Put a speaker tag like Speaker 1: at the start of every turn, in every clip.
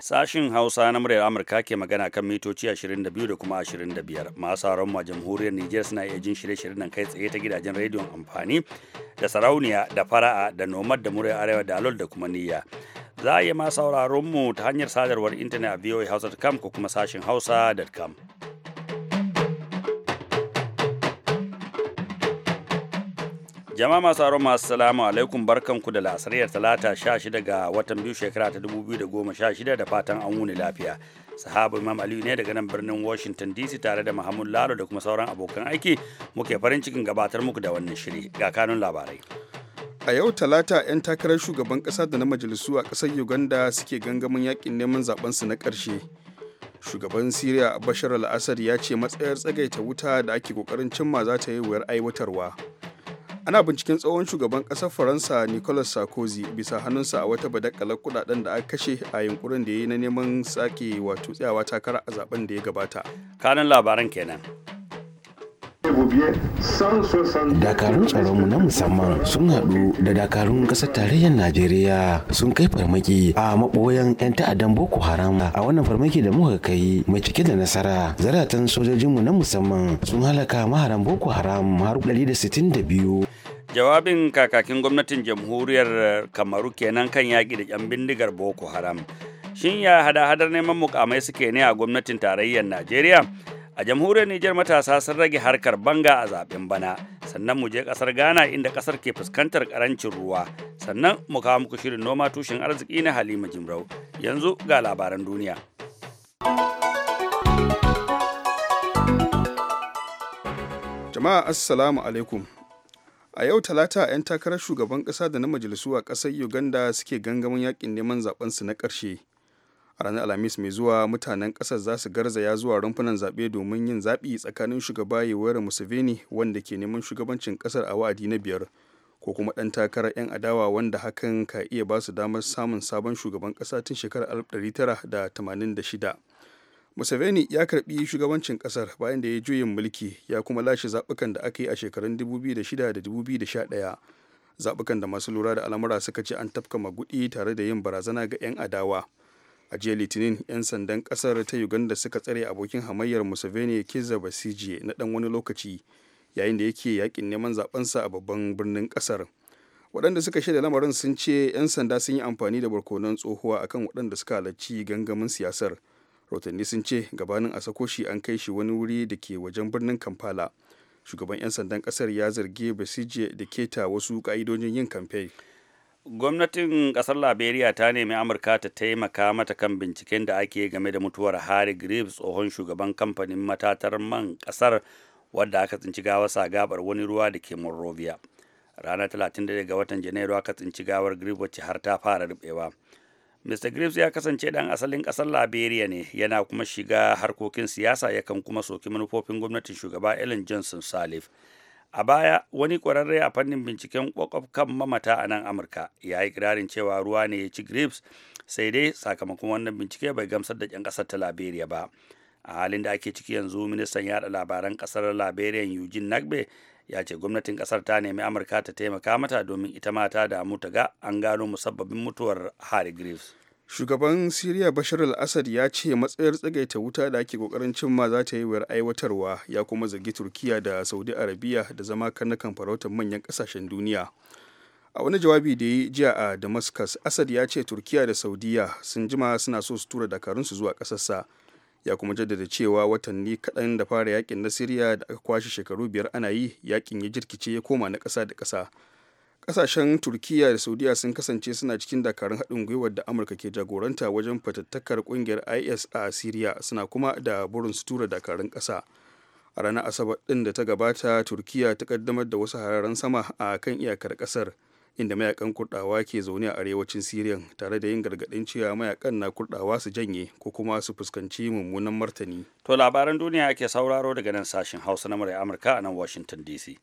Speaker 1: Sashin Hausa na muryar Amurka ke magana kan mitoci 22 da kuma 25. Masu haron ma jamhuriyar Nijar suna iya jin shirye-shiryen nan kai tsaye ta gidajen rediyon amfani da sarauniya da fara'a da nomad da muryar arewa da alol da kuma niyya. Za a iya masu sauraron mu ta hanyar sadarwar intanet a voahausa.com ko kuma sashin hausa.com. jama'a masu aro masu salamu alaikum barkanku da lasariyar talata 16 ga watan biyu shekara ta 2016 da fatan an wuni lafiya sahabu imam aliyu ne daga nan birnin washington dc tare da muhammad lalo da kuma sauran abokan aiki muke farin cikin gabatar muku da
Speaker 2: wannan shiri ga kanun labarai a yau talata 'yan takarar shugaban kasa da na majalisu a kasar uganda suke gangamin yakin neman zaben su na karshe shugaban siriya bashar al-assad ya ce matsayar tsagaita wuta da ake kokarin cimma za ta yi wuyar aiwatarwa ana binciken tsohon shugaban ƙasar faransa nicolas sarkozy bisa hannunsa a wata badakalar kudaden da aka kashe a yunkurin da ya yi na neman sake wato tsayawa takara a zaben da ya gabata kanan labaran kenan
Speaker 3: dakarun tsaronmu na musamman sun haɗu da dakarun ƙasar tarayyar najeriya sun kai farmaki a maɓoyan 'yan ta'addan boko haram a wannan farmaki da muka kai mai cike da nasara zaratan sojojinmu na musamman sun halaka maharan boko haram har 162
Speaker 1: jawabin kakakin gwamnatin jamhuriyar kamaru kenan kan yaƙi da 'yan bindigar boko haram shin ya hada-hadar neman mukamai suke ne a gwamnatin tarayyar najeriya a jamhuriyar Nijar matasa sun rage harkar banga a zaben bana sannan mu je kasar Ghana inda kasar ke fuskantar karancin ruwa sannan mu kawo muku shirin noma tushen arziki na Halima Jimrau yanzu ga labaran duniya
Speaker 2: jama'a assalamu alaikum a yau talata 'yan takarar shugaban kasa da na majalisu a kasar uganda suke gangamin yakin neman zaben su na ƙarshe. a ranar alhamis mai zuwa mutanen kasar za su garzaya zuwa rumfunan zaɓe domin yin zaɓi tsakanin shugaba yoweri museveni wanda ke neman shugabancin kasar a wa'adi na biyar ko kuma ɗan takarar 'yan adawa wanda hakan ka iya ba su damar samun sabon shugaban ƙasa tun shekarar 1986 museveni ya karɓi shugabancin ƙasar bayan da ya juyin mulki ya kuma lashe zaɓukan da aka yi a shekarun 2006 da 2011 zaɓukan da masu lura da al'amura suka ce an tafka magudi tare da yin barazana ga 'yan adawa a jiya litinin 'yan sandan kasar ta uganda suka tsare abokin hamayyar museveni kiza basije na dan wani lokaci yayin da yake yakin neman zabensa a babban birnin kasar waɗanda suka shaida lamarin sun ce 'yan sanda sun yi amfani da barkonon tsohuwa akan waɗanda suka halarci gangamin siyasar rahotanni sun ce gabanin a sako shi an kai shi wani wuri da ke wajen birnin kampala shugaban 'yan sandan kasar ya zargi basije da keta wasu ka'idojin yin kamfe
Speaker 1: gwamnatin ƙasar liberia ta nemi amurka ta taimaka mata kan binciken da ake game da mutuwar harry Greaves tsohon shugaban kamfanin matatar man kasar wadda aka tsinci gawarsa gabar wani ruwa da ke monrovia ranar 31 ga watan janairu aka tsinci gawar graves wacce har ta fara rubewa mr Greaves ya kasance dan asalin ƙasar liberia ne yana kuma shiga harkokin siyasa yakan kuma soki manufofin gwamnatin shugaba ellen johnson salif a baya wani ƙwararre a fannin binciken kwakwaf mamata a nan amurka ya yi kirarin cewa ruwa ne ya ci grapes sai dai sakamakon wannan bincike bai gamsar da 'yan ƙasar ta laberiya ba a halin da ake ciki yanzu ministan yada labaran ƙasar laberiyan eugene nagbe ya ce gwamnatin ƙasar ta nemi amurka ta taimaka mata domin ita mata damu ta ga an gano musabbabin mutuwar
Speaker 2: harry graves shugaban siriya bashar al-assad ya ce matsayar tsagaita wuta da ake kokarin cimma za ta yi wayar aiwatarwa ya kuma zargi turkiya da saudi arabiya da zama kanakan farautar manyan kasashen duniya a wani jawabi da yi jiya a damascus assad ya ce turkiya da saudiya sun jima suna so su tura dakarunsu zuwa ƙasarsa ya kuma jaddada cewa watanni kaɗan da fara yakin na siriya da aka kwashe shekaru biyar ana yi yakin ya jirkice ya koma na ƙasa da ƙasa kasashen turkiya da saudiya sun kasance suna cikin dakarun haɗin gwiwar da amurka ke jagoranta wajen fatattakar ƙungiyar is a syria suna kuma da burin su tura dakarun ƙasa a ranar asabar ɗin da ta gabata turkiya ta kaddamar da wasu hararen sama a kan iyakar ƙasar inda mayakan kurɗawa ke zaune a arewacin syria tare da yin gargaɗin cewa mayakan na kurɗawa su janye ko kuma su fuskanci mummunan martani
Speaker 1: to labaran duniya ke sauraro daga nan sashen hausa na murya amurka a nan washington dc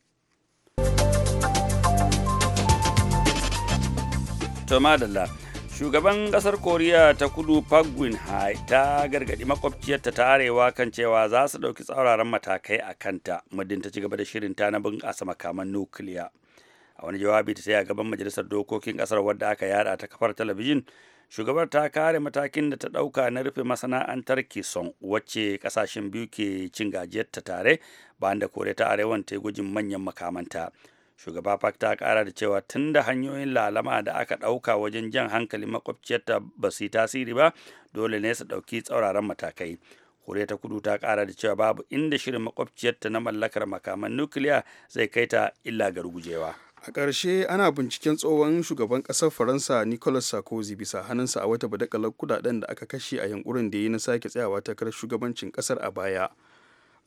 Speaker 1: To madalla. Shugaban kasar Koriya ta kudu Pagwin hai ta gargaɗi makwabciyarta ta arewa kan cewa za su ɗauki tsauraran matakai a kanta muddin ta ci gaba da shirin ta na bunƙasa makaman nukiliya. A wani jawabi ta a gaban majalisar dokokin ƙasar wadda aka yada ta kafar talabijin shugabar ta kare matakin da ta ɗauka na rufe masana'antar kison wacce kasashen biyu ke cin gajiyarta tare bayan da kore ta arewan ta yi gujin manyan makamanta shugaba park ta kara da cewa tun da hanyoyin lalama da aka ɗauka wajen jan hankali makwabciyarta ba su yi tasiri ba dole ne su ɗauki tsauraran matakai koriya ta kudu ta kara da cewa babu inda shirin makwabciyarta na mallakar makaman nukiliya zai kai ta illa ga rugujewa
Speaker 2: a ƙarshe ana binciken tsohon shugaban ƙasar faransa nicolas sarkozy bisa hannunsa a wata badakalar kudaden da aka kashe a yankurin da ya na sake tsayawa takarar shugabancin ƙasar a baya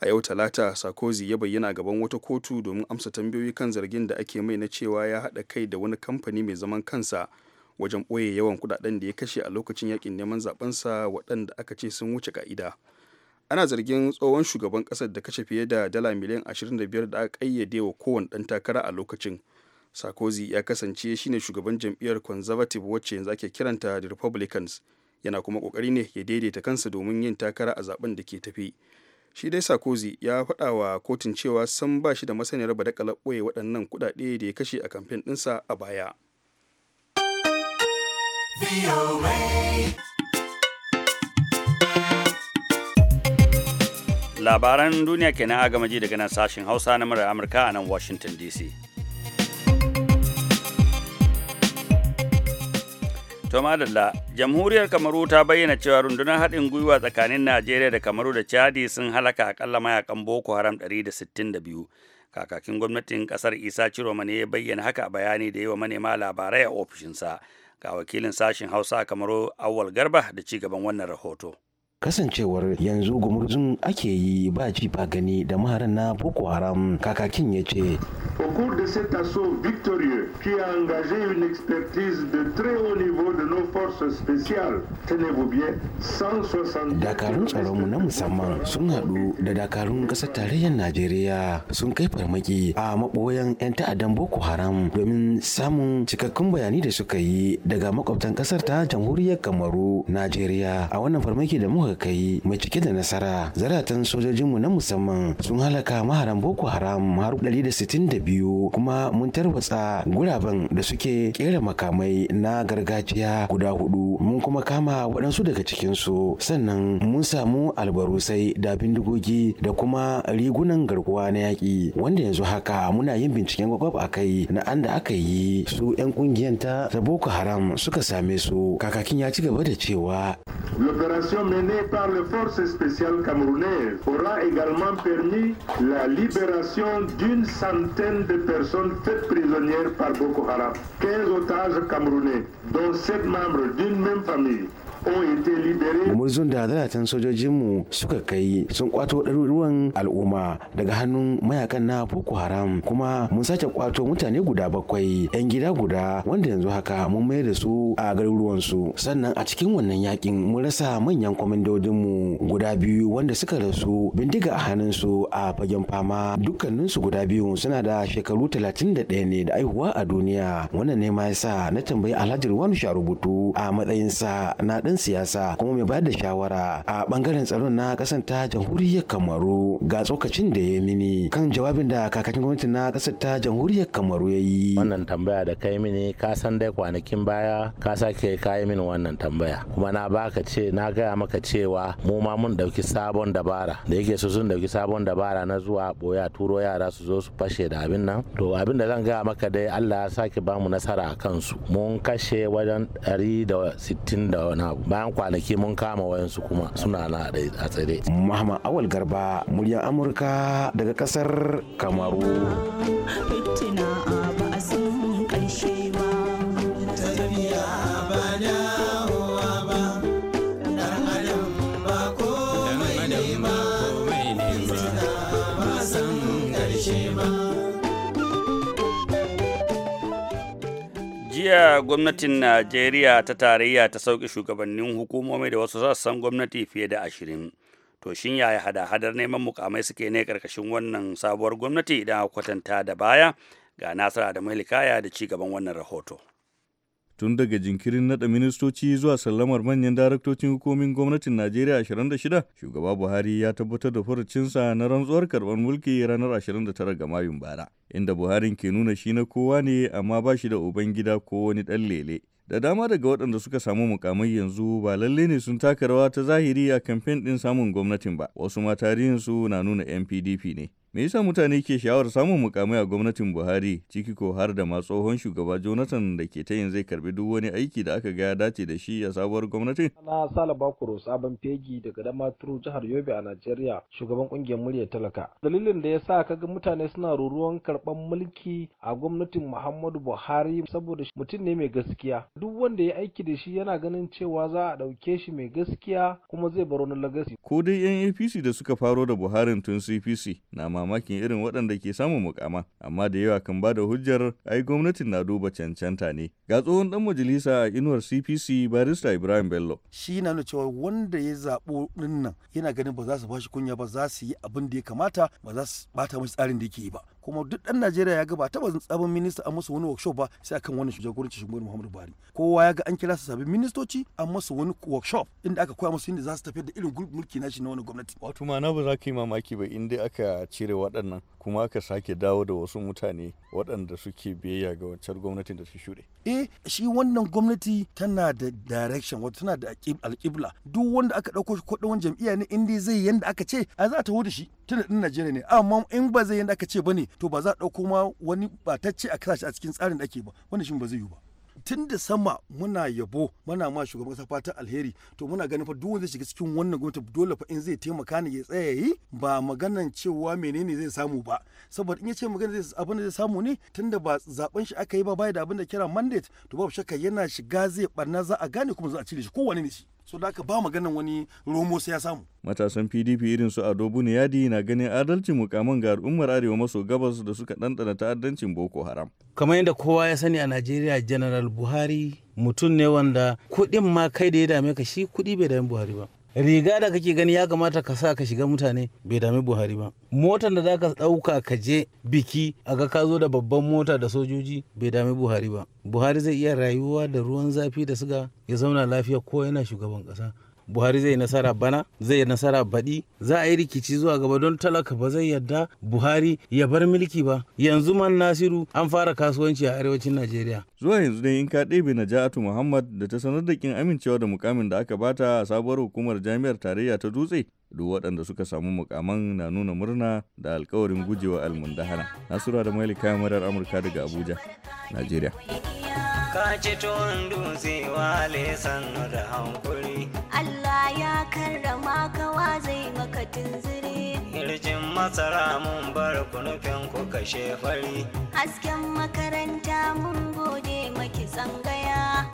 Speaker 2: a yau talata sarkozy ya bayyana gaban wata kotu domin amsa tambayoyi kan zargin da ake mai na cewa ya haɗa kai da wani kamfani mai zaman kansa wajen ɓoye yawan kuɗaɗen da ya kashe a lokacin yakin neman zabensa waɗanda aka ce sun wuce ka'ida ana zargin tsohon shugaban ƙasar da kashe fiye da dala miliyan 25 da aka ƙayyade wa kowane ɗan takara a lokacin sarkozy ya kasance shine shugaban jam'iyyar conservative wacce yanzu ake kiranta da republicans yana kuma ƙoƙari ne ya daidaita kansa domin yin takara a zaɓen da ke tafi shi dai sarkozy ya faɗa wa kotun cewa san ba shi da masaniyar da ɓoye waɗannan kuɗaɗe da ya kashe a kamfen ɗinsa a baya
Speaker 1: labaran duniya kenan agamaji daga nan sashen hausa na murar amurka a nan washington dc To madalla, jamhuriyar Kamaru ta bayyana cewa rundunar haɗin gwiwa tsakanin Najeriya da Kamaru da Chadi sun halaka akalla mayakan Boko Haram 162. Kakakin gwamnatin ƙasar Isa Ciroma ne ya bayyana haka bayani da yi wa manema labarai a ofishinsa. Ga wakilin sashen Hausa Kamaru Awwal Garba da ci gaban wannan rahoto.
Speaker 3: kasancewar yanzu gumurzun ake yi ba ji ba gani da maharan na boko haram kakakin ya ce
Speaker 2: Au cours de cet assaut victorieux qui a engagé une expertise
Speaker 4: de très haut niveau de nos forces spéciales, tenez-vous bien, 160...
Speaker 3: Dakarun tsaronmu na musamman sun haɗu da dakarun ƙasar tarayyar Najeriya sun kai farmaki a maɓoyan 'yan ta'addan Boko Haram domin samun cikakkun bayanai da suka yi daga makwabtan kasar ta jamhuriyar Kamaru, Najeriya a wannan farmaki da muka muka kai mai cike da nasara zaratan sojojinmu na musamman sun halaka maharan boko haram har 162 kuma mun tarwatsa guraben da suke kera makamai na gargajiya guda hudu mun kuma kama waɗansu daga cikinsu sannan mun samu albarusai da bindigogi da kuma rigunan garkuwa na yaƙi wanda yanzu haka muna yin binciken gwagwab a kai na an da aka yi su 'yan ƙungiyar ta boko haram suka same su kakakin ya ci gaba da cewa l'opération par les forces spéciales camerounaises aura également permis la libération d'une centaine de personnes
Speaker 2: faites prisonnières par Boko Haram. 15 otages camerounais, dont 7 membres d'une même famille,
Speaker 3: Murzun da sojojin sojojinmu suka kai sun kwato ɗaruruwan al'umma daga hannun mayakan na Boko Haram kuma mun sake kwato mutane guda bakwai 'yan gida guda wanda yanzu haka mun mayar da su a garuruwansu sannan a cikin wannan yakin mun rasa manyan kwamandodinmu guda biyu wanda suka rasu bindiga a hannun su a fagen fama dukkaninsu guda biyu suna da shekaru 31 ne da aihuwa a duniya wannan ne ma yasa na tambayi Alhaji Ruwan rubutu a matsayinsa na masanin siyasa kuma mai bayar da shawara a bangaren tsaron na ƙasar ta jamhuriyar kamaru ga tsokacin da ya mini kan jawabin da kakakin gwamnati na kasar ta jamhuriyar kamaru ya yi wannan tambaya da kai mini ka san dai kwanakin baya ka sake yi mini wannan tambaya kuma na baka ce na gaya maka cewa mu ma mun dauki sabon dabara da yake su sun dauki sabon dabara na zuwa boya turo yara su zo su fashe da abin nan to abin da zan gaya maka dai Allah ya sake mu nasara a kansu mun kashe wajen 160 da wani abu bayan kwanaki mun kama wayansu kuma suna na a tsare muhammad awal garba muryar amurka daga kasar kamaru
Speaker 1: jiya gwamnatin najeriya ta tarayya ta sauƙi shugabannin hukumomi da wasu sassan gwamnati fiye da ashirin to shin yaya hada-hadar neman mukamai suke ne karkashin wannan sabuwar gwamnati idan kwatanta da baya ga nasara da mai da ci gaban wannan rahoto
Speaker 5: tun daga jinkirin nada ministoci zuwa sallamar manyan daraktocin hukumin gwamnatin Najeriya 26 shugaba Buhari ya tabbatar da furucinsa na rantsuwar karɓar mulki ranar 29 ga Mayun bara inda Buhari ke nuna shi na kowa ne amma ba shi da ubangida ko wani ɗan lele da dama daga waɗanda suka samu mukamai yanzu ba lalle ne sun taka rawa ta zahiri a kamfen ɗin samun gwamnatin ba wasu ma tarihinsu na nuna NPDP ne Me yasa mutane ke sha'awar samun mukamai a gwamnatin Buhari ciki ko har da ma tsohon shugaba Jonathan da ke ta yin zai karbi duk wani aiki da aka ga ya dace da shi a sabuwar gwamnatin?
Speaker 6: Na Sala Bakuro sabon fegi daga Damaturu jihar Yobe a Najeriya
Speaker 5: shugaban kungiyar
Speaker 3: murya talaka. Dalilin da ya sa ga mutane suna ruruwan karɓan mulki a gwamnatin Muhammadu Buhari saboda mutum ne mai gaskiya.
Speaker 5: Duk wanda ya
Speaker 3: aiki da shi yana ganin cewa za a ɗauke shi mai gaskiya kuma zai bar wani lagasi.
Speaker 5: Ko dai 'yan APC da suka faro da Buharin tun CPC na ma mamakin irin waɗanda ke samun mukama amma da yawa kan ba da hujjar ai gwamnatin na duba cancanta ne ga tsohon dan majalisa a inuwar cpc barista ibrahim bello
Speaker 6: shi na nuna cewa wanda ya zaɓo dinnan yana ganin ba za su bashi kunya ba za su yi abin da ya kamata ba za su bata mashi tsarin da yake yi ba kuma duk dan najeriya ya ga ba taba tsabin minista a masa wani workshop ba sai akan wannan jagoranci shugaban muhammadu buhari kowa ya ga an kira su sabbin ministoci a masa wani workshop inda aka koya musu yadda za su tafiyar da irin mulki nashi na wani
Speaker 5: gwamnati wato ma na ba za ka yi mamaki ba in dai aka cire waɗannan kuma aka sake dawo da wasu mutane waɗanda suke biyayya ga wancan gwamnatin da su shuɗe.
Speaker 6: Eh shi wannan gwamnati tana da direction wato tana da alƙibla duk wanda aka ɗauko shi kuɗin jam'iyya ne in dai zai yanda aka ce a za ta da shi tunda ɗin Najeriya ne amma in ba zai yanda aka ce ba ne to ba za a ɗauko ma wani ce a kasashe a cikin tsarin da ake ba wannan shi ba zai yiwu ba. tun da sama muna yabo muna ma shugaban kasa fatan alheri to muna ganin fa duk zai shiga cikin wannan gwamnati dole fa in zai taimaka ne ya tsaya yi ba maganan cewa menene zai samu ba saboda in ya ce magana zai abin da zai samu ne tunda ba zaben shi aka yi ba bai da abin da kira mandate to babu shakka yana shiga zai barna za a gane kuma za a cire shi kowane ne shi so da ba maganan wani romo sai ya samu
Speaker 5: matasan pdp irin su ado buniyadi na ganin adalcin mukaman ga al'ummar arewa maso gabas da suka ɗanɗana ta'addancin boko haram
Speaker 3: kamar yadda kowa ya sani a najeriya general buhari mutum ne wanda kuɗin ma kai da ya dame ka shi kuɗi bai dame buhari ba riga da kake gani ya kamata ka sa ka shiga mutane bai dami buhari ba motar da za ka ɗauka ka je biki a ga ka zo da babban mota da sojoji bai dami buhari ba buhari zai iya rayuwa da ruwan zafi da suga ya zauna lafiya ko yana shugaban ƙasa buhari zai nasara bana zai nasara baɗi za a yi rikici zuwa gaba don talaka ba zai yadda buhari ya bar milki ba yanzu man nasiru an fara kasuwanci a arewacin najeriya
Speaker 5: zuwa yanzu dai in ka ɗebe najatu muhammad da ta sanar da kin amincewa da mukamin da aka bata a sabuwar hukumar jami'ar tarayya ta dutse duk waɗanda suka samu mukaman na nuna murna da alkawarin gujewa almundahana nasura da mailika murar amurka daga abuja najeriya
Speaker 7: ka ci tuwon dutse wale sannu da hankuri
Speaker 8: Allah ya karrama kawa zai maka tunzuri
Speaker 7: Irjin masara mun bar kunufin ku kashe fari
Speaker 8: Hasken makaranta mun gode maki tsangaya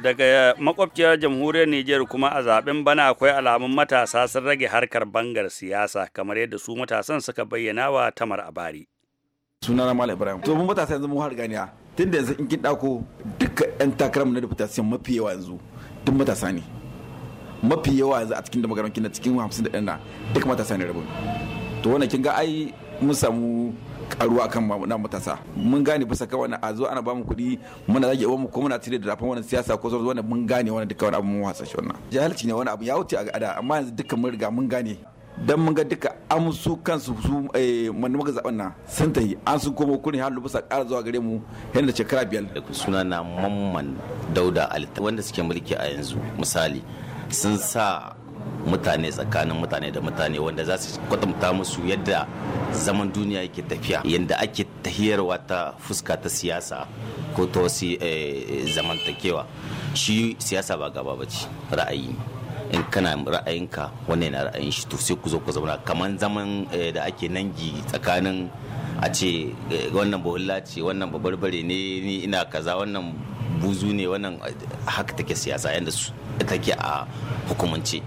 Speaker 1: Daga makwabciyar jamhuriyar Nijar kuma a zaben bana akwai alamun matasa sun rage harkar bangar siyasa kamar yadda su matasan suka bayyana wa tamar a
Speaker 6: sunana malam ibrahim to mun matasa yanzu mun har ganiya tunda yanzu in kin dako duka yan takarar mu na deputation mafi yawa yanzu duk matasa ne mafi yawa yanzu a cikin kin na cikin 51 na duk matasa ne rabu to wannan kin ga ai mun samu karuwa kan na matasa mun gane bisa ka wannan a zo ana bamu kuɗi muna zage mu ko muna tire da rafin wannan siyasa ko zuwa wani mun gane wani duka wannan abu mun wasa shi wannan jahilci ne wannan abu ya wuce a ada amma yanzu dukkan mun riga mun gane Dan mun ga duka amsu su kansu su eh, zaben nan sun tafi an sun koma kuni har lubusa ƙara zuwa gare mu yadda shekara biyar
Speaker 7: suna na mamman dauda alita wanda suke mulki a yanzu misali sun sa mutane tsakanin mutane da mutane wanda za su kwatanta musu yadda zaman duniya yake tafiya yadda ake tahiyarwa ta fuska ta siyasa ko ta wasu eh, zamantakewa shi siyasa ba gaba ba ra'ayi in kana ra'ayinka wannan yana ra'ayin shi to sai ku zo ku zauna kamar zaman eh, da ake nangi tsakanin a ce eh, wannan bahulla ce wannan babarbare ne ni ina kaza wannan buzu ne wannan eh, haka take siyasa yadda take a hukumance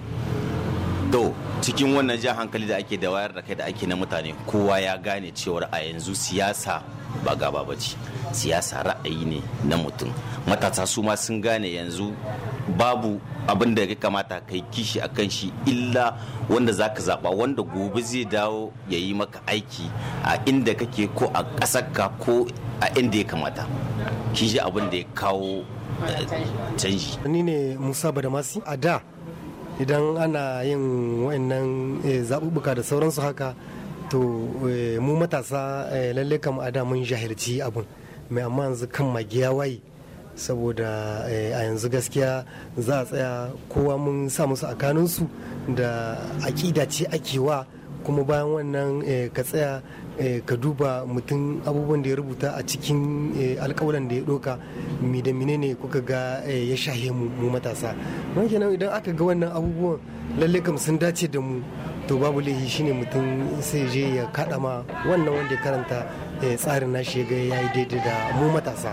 Speaker 7: to cikin wannan jan hankali da ake da wayar da kai da ake na mutane kowa ya gane cewar a yanzu siyasa ba gaba ba ce siyasa ra'ayi ne na mutum matasa su ma sun gane yanzu babu abin da ya kamata kai kishi a kan shi illa wanda za ka zaɓa wanda gobe zai dawo ya yi maka aiki a inda kake ko a ƙasarka ko a inda ya kamata kishi abin da ya kawo eh, canji
Speaker 6: ni ne musa badamasi a da idan ana yin wa'annan eh, zaɓuɓɓuka da sauransu haka to eh, mu matasa eh, lalle kam a da mun jahilci abun mai amma yanzu kan magiya waye saboda eh, a yanzu gaskiya za a tsaya kowa mun sa musu a kanunsu da aƙida ce ake wa kuma bayan wannan ka tsaya ka duba mutum abubuwan da ya rubuta a cikin alkawalan da ya doka mi da mine ne kuka ga ya shahe mu matasa don kenan idan aka ga wannan abubuwan lalle kam sun dace da mu to babu laifi shine mutum sai je ya kaɗa ma wannan wanda ya karanta eh, tsarin nashi ya ga ya yi daidai da mu matasa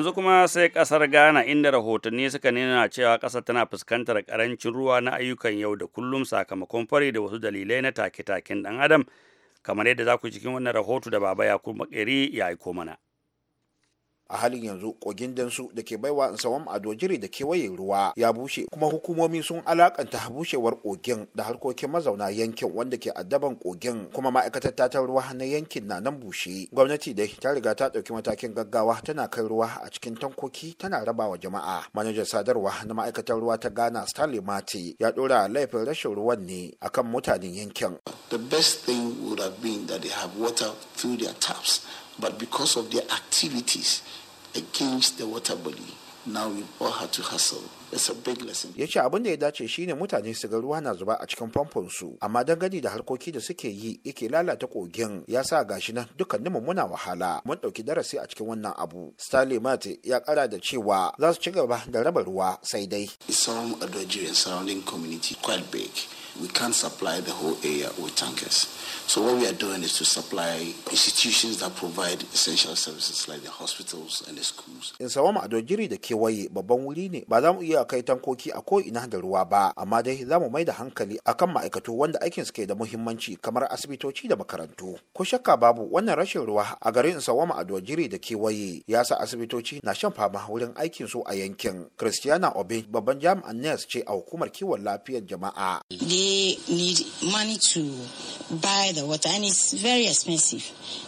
Speaker 1: yanzu kuma sai kasar ghana inda rahotanni suka nuna cewa kasar tana fuskantar karancin ruwa na ayyukan yau da kullum sakamakon fari da wasu dalilai na take-taken dan adam kamar yadda za ku cikin wannan rahoto da baba yakub makeri ya aiko mana
Speaker 4: a halin yanzu kogin dansu da ke baiwa nsawam ado jiri da kewaye ruwa ya bushe kuma hukumomi sun alakanta bushewar kogin da harkokin mazauna yankin wanda ke addaban kogin kuma ma'aikatar tatar ruwa na yankin na nan bushe gwamnati dai ta riga ta ɗauki matakin gaggawa tana kai ruwa a cikin tankoki tana rabawa jama'a manajan sadarwa na ma'aikatar ruwa ta ghana stanley mati ya ɗora laifin rashin ruwan ne akan mutanen yankin the best thing would have been that they have water through their taps but because of their activities against the water body
Speaker 3: now we all have to hustle
Speaker 4: ya abin da ya dace shine mutane su ga ruwa na zuba a cikin famfon su amma gani da harkoki da suke yi yake lalata kogin ya sa gashi nan dukkaninmu muna wahala mun ɗauki darasi a cikin wannan abu stanley mate ya kara da cewa za su ci gaba da raba ruwa sai dai some adultery surrounding community quite big we can't supply the whole area with tankers. So what we are doing is to supply institutions
Speaker 3: that provide essential services like the hospitals and the schools.
Speaker 4: In sawa ma dogiri da kewaye babban wuri ne ba za mu iya kai tankoki a ko ina da ruwa ba amma dai za mu mai da hankali akan ma'aikatu wanda aikin su ke da muhimmanci kamar asibitoci da makarantu. Ko shakka babu wannan rashin ruwa a garin in sawama ma dogiri da kewaye ya sa asibitoci na shan fama wurin aikin su a yankin. Christiana Obe babban jami'an nurse ce a hukumar kiwon lafiyar jama'a.
Speaker 8: they need money to buy the water and it's very expensive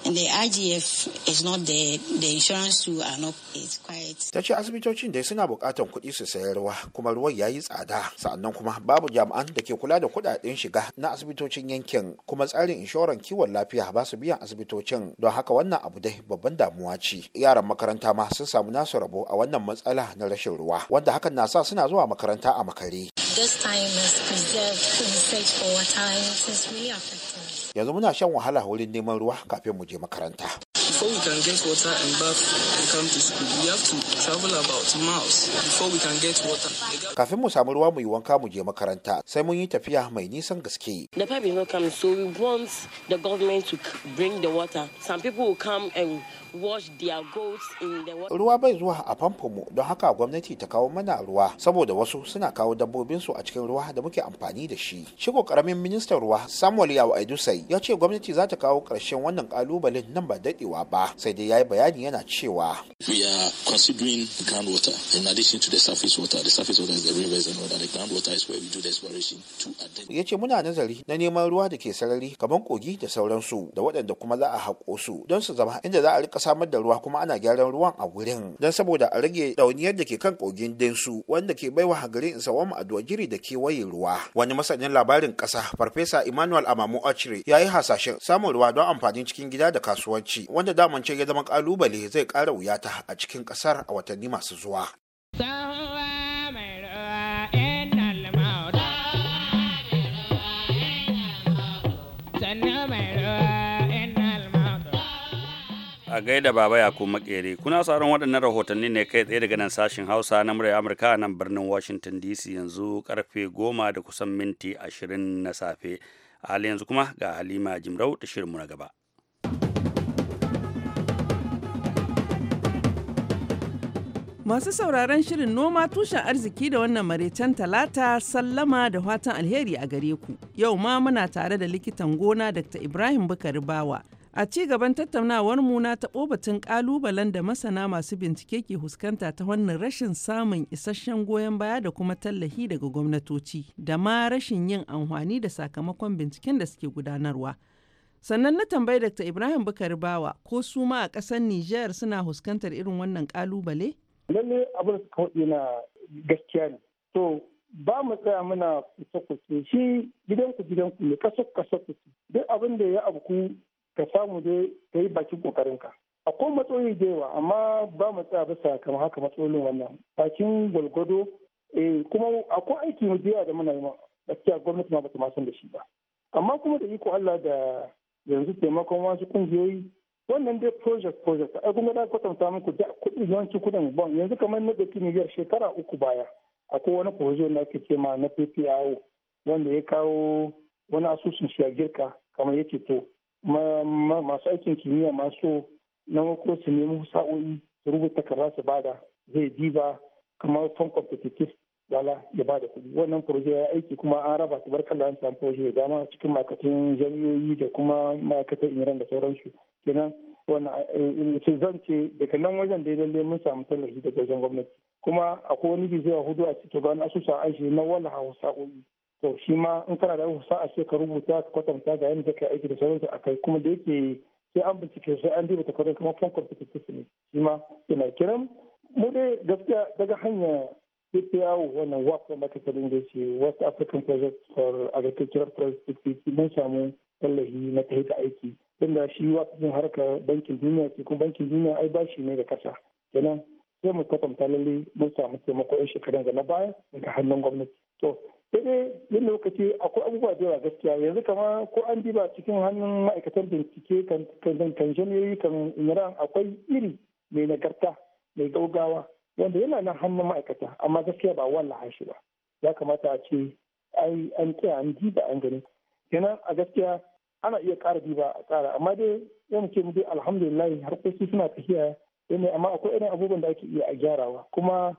Speaker 8: and the IGF is not there the insurance too are not it's quite ta asibitocin dai
Speaker 4: suna bukatan kuɗi su sayi ruwa kuma ruwan yayi tsada sannan kuma babu jami'an da ke kula da kuɗaɗen shiga na asibitocin yankin kuma tsarin inshoran kiwon lafiya ba su biyan asibitocin don haka wannan abu dai babban damuwa ce yaran makaranta ma sun samu nasu rabo a wannan matsala na rashin ruwa wanda hakan na sa suna zuwa makaranta a makare
Speaker 9: this time has preserved insect for a time since really affected.
Speaker 4: Yanzu muna shan wahala wurin neman ruwa kafin mu je makaranta.
Speaker 10: before we can get water and bath and come to school, we have to travel about miles
Speaker 8: before we can get water.
Speaker 4: Kafin mu samu ruwa mu yi wanka mu je makaranta, sai mun yi tafiya mai nisan gaske.
Speaker 8: The pipe is not coming, so we want the government to bring the water. Some people will come and wash their goats in the water.
Speaker 4: Ruwa bai zuwa a famfo mu, don haka gwamnati ta kawo mana ruwa, saboda wasu suna kawo dabbobin su a cikin ruwa da muke amfani da shi. Shigo karamin ministan ruwa Samuel Yawo Aidusai ya ce gwamnati za ta kawo karshen wannan kalubalen nan ba daɗewa ba sai dai ya yi bayani yana cewa
Speaker 3: we are considering
Speaker 4: muna nazari na neman ruwa da ke sarari kamar kogi da sauransu da waɗanda kuma za a haƙo su don su zama inda za a rika samar da ruwa kuma ana gyaran ruwan a wurin don saboda a rage ɗauniyar da ke kan kogin dinsu wanda ke baiwa hagarin mu a jiri da kewaye ruwa wani masanin labarin ƙasa farfesa emmanuel amamu ochre ya yi hasashen samun ruwa don amfanin cikin gida da kasuwanci wanda daman ce ya zama kalubale zai ƙara wuyata a cikin kasar a watanni masu zuwa.
Speaker 1: a gaida baba ya kuma makere kuna sauran waɗannan rahotanni ne kai tsaye daga nan sashen hausa na murya amurka a nan birnin washington dc yanzu karfe goma da kusan minti ashirin na safe a halin yanzu kuma ga halima jimrau da shirinmu na gaba
Speaker 10: Masu sauraron shirin noma tushen arziki da wannan maraicen talata sallama da fatan alheri a gare ku. Yau ma muna tare da likitan gona Dr. Ibrahim Bukari Bawa. A ci gaban tattaunawar mu na taɓo batun ƙalubalen da masana masu bincike ke huskanta ta wannan rashin samun isasshen goyon baya da kuma tallahi daga gwamnatoci da ma rashin yin amfani da sakamakon binciken da suke gudanarwa. sannan na tambayi dr ibrahim bukari bawa ko su ma a ƙasar nijar suna huskantar irin wannan ƙalubale lalle abin suka
Speaker 9: kawai na gaskiya ne to ba mu tsaya muna kusa-kusa shi gidanku gidanku ne kaso kaso duk abin da ya abku ka samu dai ka yi bakin ka akwai matsaloli da yawa amma ba mu tsaya bisa kamar haka matsolin wannan bakin gwalgwado eh, kuma akwai aiki mu jiya da muna yi ma gaskiya gwamnati ma ta ma san da shi ba amma kuma da iko Allah da yanzu taimakon wasu kungiyoyi wannan dai project project ai kun ga kwatanta muku da kuɗi yawanci kuɗin ban yanzu kamar na da niger shekara uku baya akwai wani project na ake ce ma na PPIO wanda ya kawo wani asusun shi a girka kamar yake to masu aikin kimiyya masu na ne su nemi sa'o'i su rubuta kaza su bada zai diba kamar fan competitive wala ya bada kuɗi wannan project ya aiki kuma an raba su barkar da an samu project da dama cikin ma'aikatan jami'oyi da kuma ma'aikatan iran da sauransu kenan wannan eh, zan ce daga nan wajen da lalle mun samu tallafi daga wajen gwamnati kuma akwai wani zuwa hudu a cikin bayan asusun aji na wala hausa to shi ma in kana da hausa a ka rubuta ka kwatanta ga yadda kai aiki da sauransu a kai kuma da yake sai an bincike sai an duba takwarar kuma fan competitive ne shi ma yana kiran mu dai gaskiya daga hanya CPAO wannan WAP wanda maka kalin da ce West African Project for Agricultural Productivity mun samu tallafi na ta aiki tunda shi wakafin harkar bankin duniya ke kuma bankin duniya ai bashi ne da kasa kenan sai mu kwatanta lalle mun samu taimako yan shekarun da na baya daga hannun gwamnati to sai dai yin lokaci akwai abubuwa da yawa gaskiya yanzu kama ko an diba cikin hannun ma'aikatan bincike kan kan jami'ai kan iran akwai iri mai nagarta mai gaugawa wanda yana nan hannun ma'aikata amma gaskiya ba wallaha a ba ya kamata a ce ai an tsaya an diba an gani kenan a gaskiya ana iya ƙara diba a ƙara amma dai sai mu ce mu dai alhamdulillah harkoki suna tafiya amma akwai irin abubuwan da ake iya a gyarawa kuma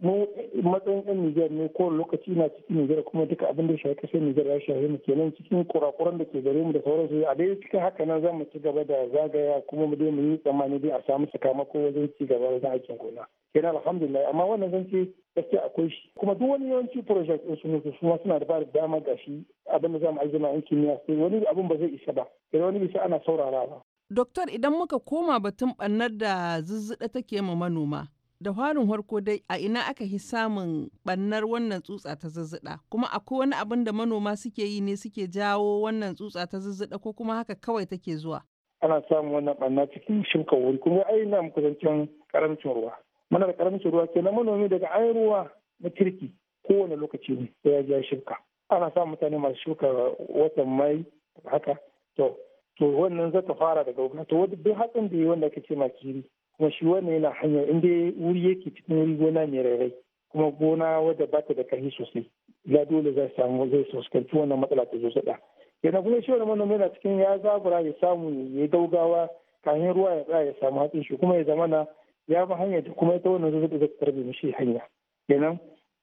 Speaker 9: mu matsayin yan Nijar ne ko lokaci na cikin Nijar kuma duka abin da shafi kasar Nijar ya shafi mu kenan cikin kurakuran da ke gare mu da sauran sauransu a dai cikin haka nan za mu ci gaba da zagaya kuma mu dai mu yi tsammani dai a samu sakamako wajen ci gaba da aikin gona kenan alhamdulillah amma wannan zan ce gaske akwai shi kuma duk wani yawanci project din su ne su suna da da dama ga shi abin da za mu aljima yan kimiyya sai wani abin ba zai isa ba idan wani bisa ana saurara ba.
Speaker 10: Doktor idan muka koma batun ɓannar da zuzzuɗa take ma manoma. da farin harko dai a ina aka fi samun bannar wannan tsutsa ta zazzada kuma akwai wani abin da manoma suke yi ne suke jawo wannan tsutsa ta zazzada ko kuma haka kawai take zuwa
Speaker 9: ana samun wannan banna cikin shuka wuri kuma ai na kusancin karamcin ruwa mana da karamcin ruwa kenan manomi daga ai ruwa na kirki kowane lokaci ne da ya ja shuka ana samun mutane masu shuka watan mai haka to to wannan zata fara daga to duk hatsin da yi wanda ake ce ma kiri kuma shi wannan yana hanyar inda wuri yake cikin wuri gona mai rairai kuma gona wadda ba ta da ƙarfi sosai ya dole zai samu zai fuskanci wannan matsala ta zo saɗa yana kuma shi wannan manomi yana cikin ya zabura ya samu ya gaugawa kafin ruwa ya tsaya ya samu hatsin shi kuma ya zamana ya bi hanyar da kuma ita wannan zai zai tarbe mishi hanya kenan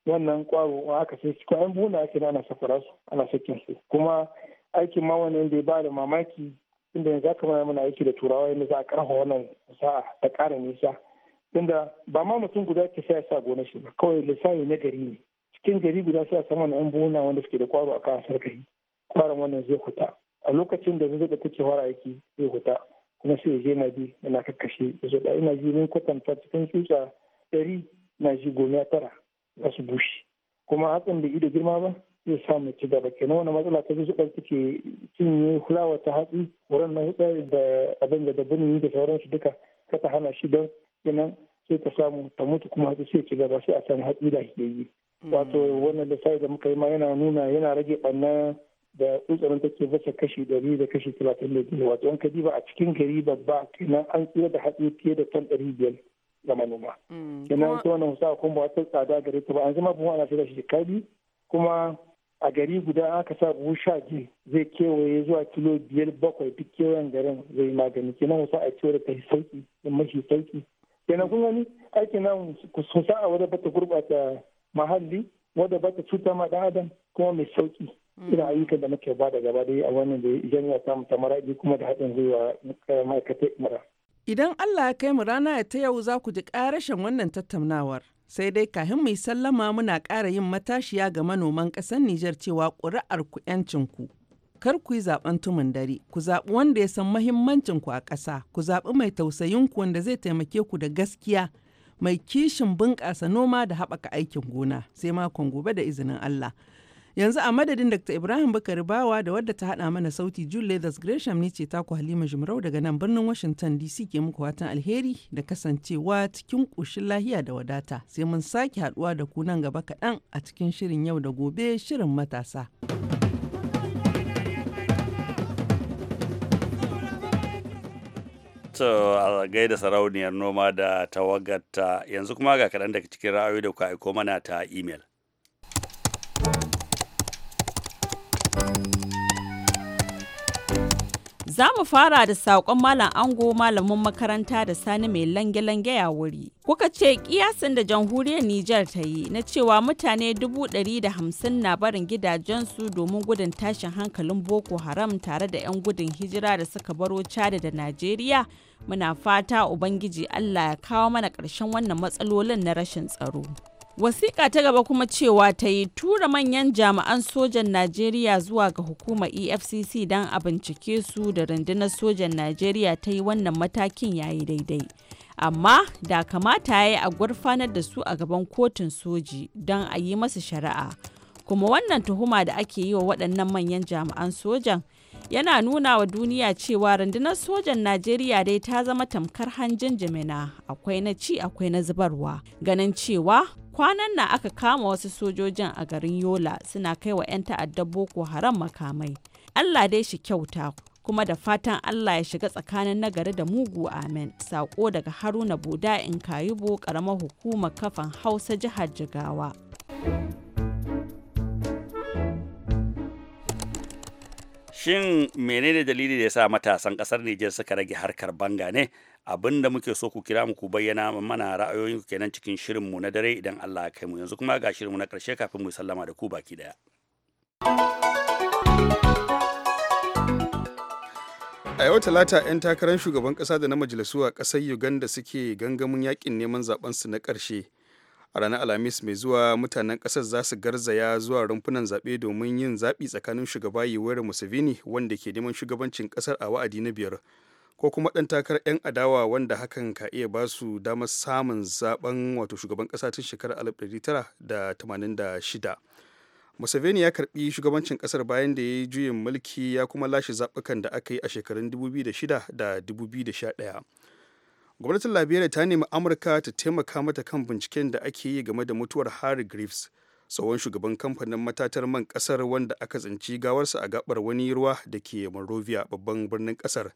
Speaker 9: wannan kwaro a aka sai kayan buna ake ana safara su ana sakin su kuma aikin ma wannan da ya ba da mamaki inda yanzu aka mana muna aiki da turawa yanzu za a karfa wannan sa'a da ƙara nisa inda ba ma mutum guda ke sai sa gona shi ba kawai lissafi na gari ne cikin gari guda sai a sama na yan buhuna wanda suke da kwaro a kan sarkari kwaron wannan zai huta a lokacin da zai da take fara aiki zai huta kuma sai ya je na bi yana kakkashe ya da ina ji mun kwatanta cikin tsutsa ɗari na ji goma tara za su bushe kuma hatsin bai da girma ba zai sa mu ci gaba kenan wani matsala ta suke cinye fulawa ta hatsi wurin na hutsari da abin da dabbin da sauransu duka ka ta hana shi don kenan sai ta samu ta mutu kuma hatsi sai ci gaba sai a samu hatsi da ke yi hmm. wato wannan lissafi da muka yi ma yana nuna yana rage ɓanna da tsutsarin take basa kashi ɗari da kashi talatin da biyu wato an ka diba a cikin gari babba kenan an tsira da hatsi fiye da ton ɗari biyar ga manoma. Hmm. kenan ita wannan husa kuma ba tsada gare ta ba an zama buhu ana sai da shi kuma a gari guda aka sa buhu sha biyu zai kewaye zuwa kilo biyar bakwai duk kewayen garin zai magani kenan wasu a cewar ta sauki da mashi sauki kenan kun gani aikin nan sun sa a wadda bata gurɓata mahalli wadda bata cuta ma dan adam kuma mai sauki hmm. ina ayyukan da muke bada gaba dai a wannan da ya samu ta maraɗi kuma da haɗin gwiwa ma'aikatar mara.
Speaker 10: Idan Allah ya kai mu rana ta yau za ku ji ƙarashin wannan tattaunawar. sai dai kahin mai sallama muna ƙara yin matashiya ga manoman ƙasar Nijar cewa ƙuri'ar ku ku. Kar ku yi zaɓen tumin dare, ku zaɓi wanda ya san mahimmancin ku a ƙasa, ku zaɓi mai tausayin ku wanda zai taimake ku da gaskiya, mai kishin bunƙasa noma da haɓaka aikin gona, sai makon gobe da izinin Allah. Yanzu a madadin Dr. Ibrahim Bakari Bawa da wadda ta hada mana sauti June Leathers Gresham ni ce ta ku Halima jimarau daga nan birnin Washington DC ke muku watan alheri da kasancewa cikin ƙoshin lahiya da wadata. Sai mun sake haduwa da ku nan gaba kaɗan a cikin shirin yau da gobe shirin matasa.
Speaker 1: a gaida sarauniyar noma da tawagarta yanzu kuma ga kaɗan daga cikin ra'ayoyi da ku aiko mana ta imel.
Speaker 8: Za mu fara da saƙon Malam Ango malamin makaranta da sani mai lange-lange ya wuri. Kuka ce kiyasin da jamhuriyar Nijar ta yi na cewa mutane dubu ɗari da hamsin na barin gidajensu domin gudun tashin hankalin Boko Haram tare da 'yan gudun hijira da suka baro Chad da Najeriya. Muna fata Ubangiji Allah ya kawo mana ƙarshen wannan matsalolin na rashin tsaro. wasiƙa ta gaba kuma cewa ta yi tura manyan jami'an sojan najeriya zuwa ga hukumar efcc don a bincike su da rundunar sojan najeriya ta yi wannan matakin yayi daidai amma da kamata ya yi a gurfanar da su a gaban kotun soji don a yi masu shari'a kuma wannan tuhuma da ake yi wa waɗannan manyan jami'an sojan yana nuna wa duniya cewa rundunar sojan najeriya dai ta zama tamkar hanjin jimina akwai na ci akwai na zubarwa ganin cewa kwanan nan aka kama wasu sojojin a garin yola suna kai wa 'yan ta'addar boko haram makamai allah dai shi kyauta kuma da fatan allah ya shiga tsakanin nagari da mugu amen sako daga haruna buda in kayibo karamar hukumar kafan hausa jihar jigawa.
Speaker 1: shin menene dalili da ya sa matasan kasar Nijar suka rage harkar banga ne abin da muke so ku kira mu ku bayyana mana ra'ayoyinku kenan cikin shirinmu na dare idan Allah ya kai mu yanzu kuma ga shirinmu na ƙarshe kafin mu sallama da ku baki daya.
Speaker 2: a yau talata 'yan takarar shugaban kasa da na majalisu a ƙasar uganda suke gangamin yakin neman zaben su na ƙarshe a ranar alhamis mai zuwa mutanen kasar za su garzaya zuwa rumfunan zaɓe domin yin zaɓi tsakanin shugaba yiwuwar museveni wanda ke neman shugabancin ƙasar a wa'adi na biyar ko kuma ɗan takarar 'yan adawa wanda hakan ka iya ba su damar samun zaben wato shugaban ƙasa tun shekarar 1986 museveni ya karbi shugabancin ƙasar bayan da ya yi juyin mulki ya kuma lashe zaɓukan da aka yi a shekarun 2006 da 2011 gwamnatin liberia ta nemi amurka ta taimaka mata kan binciken da ake yi game da mutuwar harry griffs tsohon shugaban kamfanin matatar man kasar wanda aka tsinci gawarsa a gabar wani ruwa da ke monrovia babban birnin kasar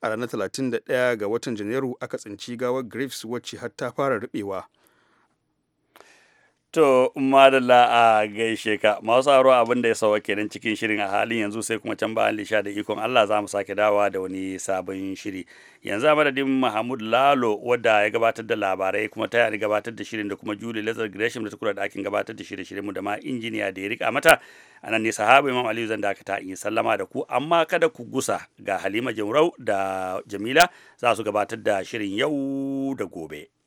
Speaker 2: a ranar 31 ga watan janairu aka tsinci gawar griffs wacce har ta fara rubewa
Speaker 1: To, madalla a gaishe ka, masu aro abin da ya sauwa kenan cikin shirin a halin yanzu sai kuma can bayan lisha da ikon Allah za mu sake dawa da wani sabon shiri. Yanzu a madadin Mahmud Lalo wadda ya gabatar da labarai kuma ta yana gabatar da shirin da kuma Julie Lazar Gresham da tukura da akin gabatar da shirin shirinmu mu da ma injiniya da ya rika mata. A nan ne sahaba Imam Aliyu zan dakata in sallama da ku amma kada ku gusa ga Halima Jamrau da Jamila za su gabatar da shirin yau da gobe.